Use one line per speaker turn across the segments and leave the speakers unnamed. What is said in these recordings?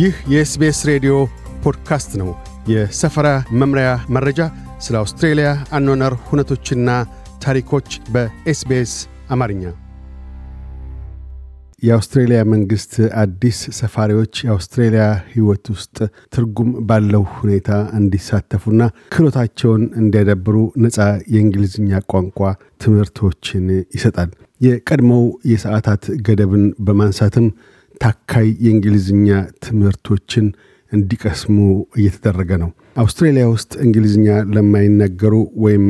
ይህ የኤስቤስ ሬዲዮ ፖድካስት ነው። የሰፈራ መምሪያ መረጃ፣ ስለ አውስትሬልያ አኗነር ሁነቶችና ታሪኮች በኤስቤስ አማርኛ። የአውስትሬልያ መንግስት አዲስ ሰፋሪዎች የአውስትሬልያ ህይወት ውስጥ ትርጉም ባለው ሁኔታ እንዲሳተፉና ክህሎታቸውን እንዲያዳብሩ ነፃ የእንግሊዝኛ ቋንቋ ትምህርቶችን ይሰጣል። የቀድሞው የሰዓታት ገደብን በማንሳትም ታካይ የእንግሊዝኛ ትምህርቶችን እንዲቀስሙ እየተደረገ ነው። አውስትራሊያ ውስጥ እንግሊዝኛ ለማይናገሩ ወይም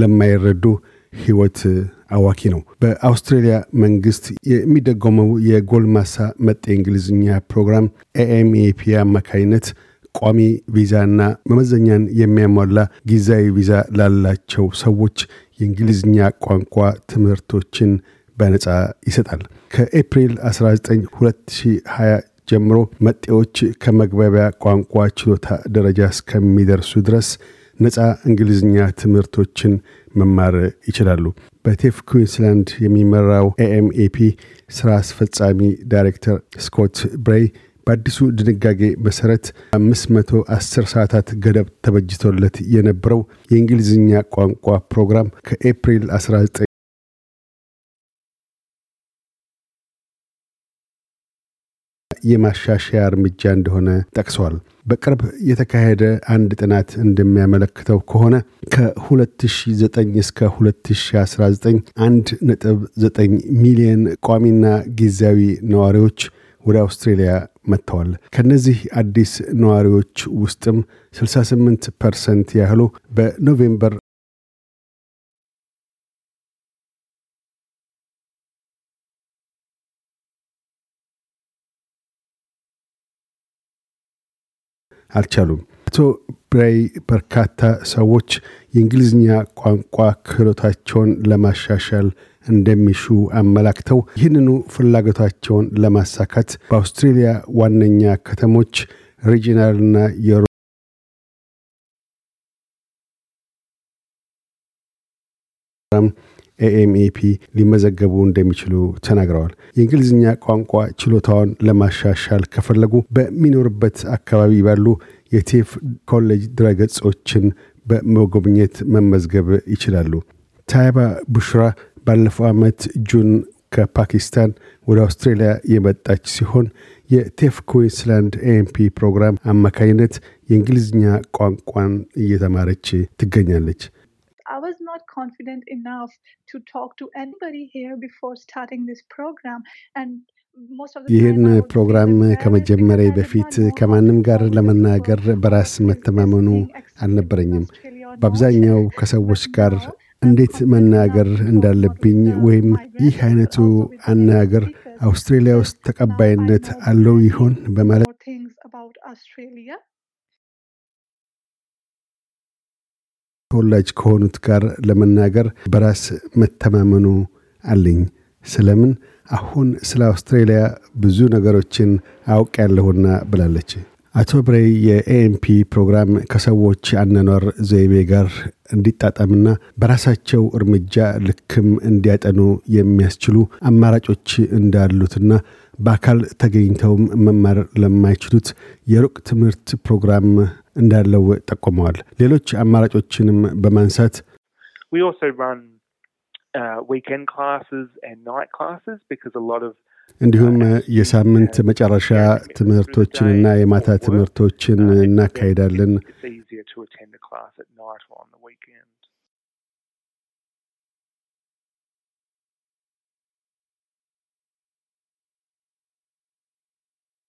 ለማይረዱ ህይወት አዋኪ ነው። በአውስትሬሊያ መንግስት የሚደጎመው የጎልማሳ መጤ እንግሊዝኛ ፕሮግራም ኤኤምኤፒ አማካይነት ቋሚ ቪዛና መመዘኛን የሚያሟላ ጊዜያዊ ቪዛ ላላቸው ሰዎች የእንግሊዝኛ ቋንቋ ትምህርቶችን በነፃ ይሰጣል። ከኤፕሪል 19 2020 ጀምሮ መጤዎች ከመግባቢያ ቋንቋ ችሎታ ደረጃ እስከሚደርሱ ድረስ ነፃ እንግሊዝኛ ትምህርቶችን መማር ይችላሉ። በቴፍ ኩንስላንድ የሚመራው ኤምኤፒ ስራ አስፈጻሚ ዳይሬክተር ስኮት ብሬይ በአዲሱ ድንጋጌ መሰረት 510 ሰዓታት ገደብ ተበጅቶለት የነበረው የእንግሊዝኛ ቋንቋ ፕሮግራም ከኤፕሪል 19 የማሻሻያ እርምጃ እንደሆነ ጠቅሰዋል። በቅርብ የተካሄደ አንድ ጥናት እንደሚያመለክተው ከሆነ ከ2009 እስከ 2019 1.9 ሚሊዮን ቋሚና ጊዜያዊ ነዋሪዎች ወደ አውስትሬልያ መጥተዋል። ከእነዚህ አዲስ ነዋሪዎች ውስጥም 68 ፐርሰንት ያህሉ በኖቬምበር አልቻሉም። አቶ ብራይ በርካታ ሰዎች የእንግሊዝኛ ቋንቋ ክህሎታቸውን ለማሻሻል እንደሚሹ አመላክተው ይህንኑ ፍላጎታቸውን ለማሳካት በአውስትሬልያ ዋነኛ ከተሞች ሪጂናልና የሮ ፕሮግራም ኤኤምኤፒ ሊመዘገቡ እንደሚችሉ ተናግረዋል። የእንግሊዝኛ ቋንቋ ችሎታውን ለማሻሻል ከፈለጉ በሚኖርበት አካባቢ ባሉ የቴፍ ኮሌጅ ድረገጾችን በመጎብኘት መመዝገብ ይችላሉ። ታይባ ቡሽራ ባለፈው ዓመት ጁን ከፓኪስታን ወደ አውስትሬልያ የመጣች ሲሆን የቴፍ ኩዊንስላንድ ኤምፒ ፕሮግራም አማካኝነት የእንግሊዝኛ ቋንቋን እየተማረች ትገኛለች። I was not confident enough to talk to anybody here before starting this program. And ይህን ፕሮግራም ከመጀመሪያ በፊት ከማንም ጋር ለመናገር በራስ መተማመኑ አልነበረኝም። በአብዛኛው ከሰዎች ጋር እንዴት መናገር እንዳለብኝ ወይም ይህ አይነቱ አነጋገር አውስትሬሊያ ውስጥ ተቀባይነት አለው ይሆን በማለት ተወላጅ ከሆኑት ጋር ለመናገር በራስ መተማመኑ አለኝ። ስለምን አሁን ስለ አውስትራሊያ ብዙ ነገሮችን አውቅ ያለሁና ብላለች። አቶ ብሬ የኤኤምፒ ፕሮግራም ከሰዎች አነኗር ዘይቤ ጋር እንዲጣጠምና በራሳቸው እርምጃ ልክም እንዲያጠኑ የሚያስችሉ አማራጮች እንዳሉትና በአካል ተገኝተውም መማር ለማይችሉት የሩቅ ትምህርት ፕሮግራም እንዳለው ጠቁመዋል። ሌሎች አማራጮችንም በማንሳት uh, weekend classes and night classes because a lot of እንዲሁም የሳምንት መጨረሻ ትምህርቶችንና የማታ ትምህርቶችን እናካሄዳለን።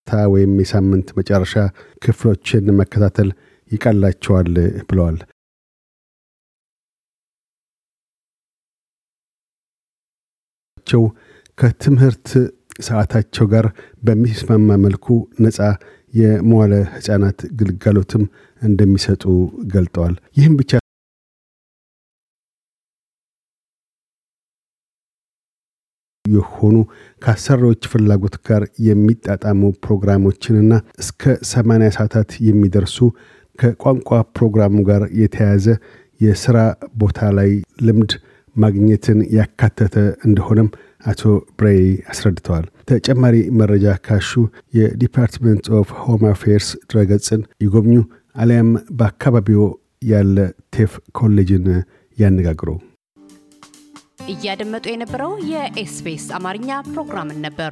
ታ ወይም የሳምንት መጨረሻ ክፍሎችን መከታተል ይቀላቸዋል ብለዋል። ስራቸው ከትምህርት ሰዓታቸው ጋር በሚስማማ መልኩ ነፃ የመዋለ ህፃናት ግልጋሎትም እንደሚሰጡ ገልጠዋል። ይህም ብቻ የሆኑ ከአሰሪዎች ፍላጎት ጋር የሚጣጣሙ ፕሮግራሞችንና እስከ 8 ሰዓታት የሚደርሱ ከቋንቋ ፕሮግራሙ ጋር የተያያዘ የስራ ቦታ ላይ ልምድ ማግኘትን ያካተተ እንደሆነም አቶ ብሬይ አስረድተዋል። ተጨማሪ መረጃ ካሹ የዲፓርትመንት ኦፍ ሆም አፌርስ ድረገጽን ይጎብኙ፣ አሊያም በአካባቢው ያለ ቴፍ ኮሌጅን ያነጋግሩ። እያደመጡ የነበረው የኤስፔስ አማርኛ ፕሮግራምን ነበር።